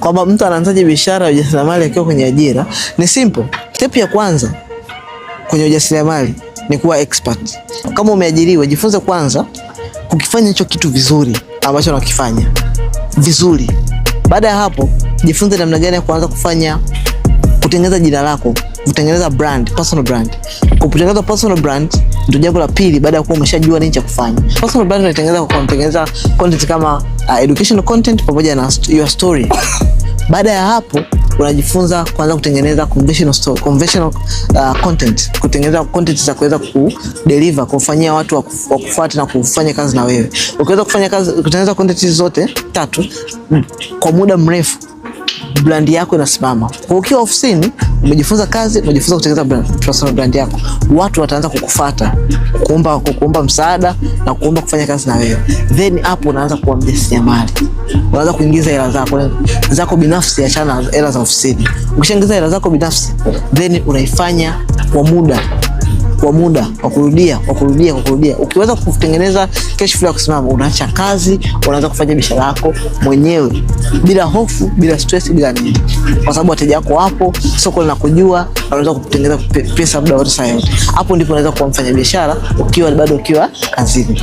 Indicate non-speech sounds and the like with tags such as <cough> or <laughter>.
kwamba mtu anaanzaje biashara ya ujasiriamali akiwa kwenye ajira ni simple. Step ya kwanza kwenye ujasiriamali ni kuwa expert. Kama umeajiriwa, jifunze kwanza kukifanya hicho kitu vizuri ambacho unakifanya vizuri. Baada ya hapo, jifunze namna gani ya kuanza kufanya kutengeneza jina lako, kutengeneza brand, personal brand. Kutengeneza personal brand ndio jambo la pili, baada ya kuwa umeshajua nini cha kufanya. Personal brand unaitengeneza kwa kutengeneza content kama uh, educational content pamoja na st your story. <laughs> Baada ya hapo unajifunza kuanza kutengeneza conventional story, conventional uh, content, kutengeneza content za kuweza ku deliver kufanyia watu wa kufuata na kufanya kazi na wewe. Ukiweza kufanya kazi, kutengeneza content zote tatu mm, kwa muda mrefu brand yako inasimama. Kwa ukiwa ofisini umejifunza kazi, umejifunza kutengeneza brand, personal brand yako, watu wataanza kukufata kuomba kuomba msaada na kuomba kufanya kazi na wewe. Then hapo unaanza kuwa mjasiriamali. Unaanza kuingiza hela zako zako binafsi, achana hela za ofisini. Ukishaingiza hela zako binafsi, then unaifanya kwa muda kwa muda wa kurudia wa kurudia wa kurudia. Ukiweza kutengeneza cash flow ya kusimama, unaacha kazi, unaanza kufanya biashara yako mwenyewe bila hofu, bila stress, bila nini, kwa sababu wateja wako wapo, soko linakujua, unaweza kutengeneza pesa muda wote, saa yote. Hapo ndipo unaweza kuwa mfanyabiashara ukiwa bado ukiwa kazini.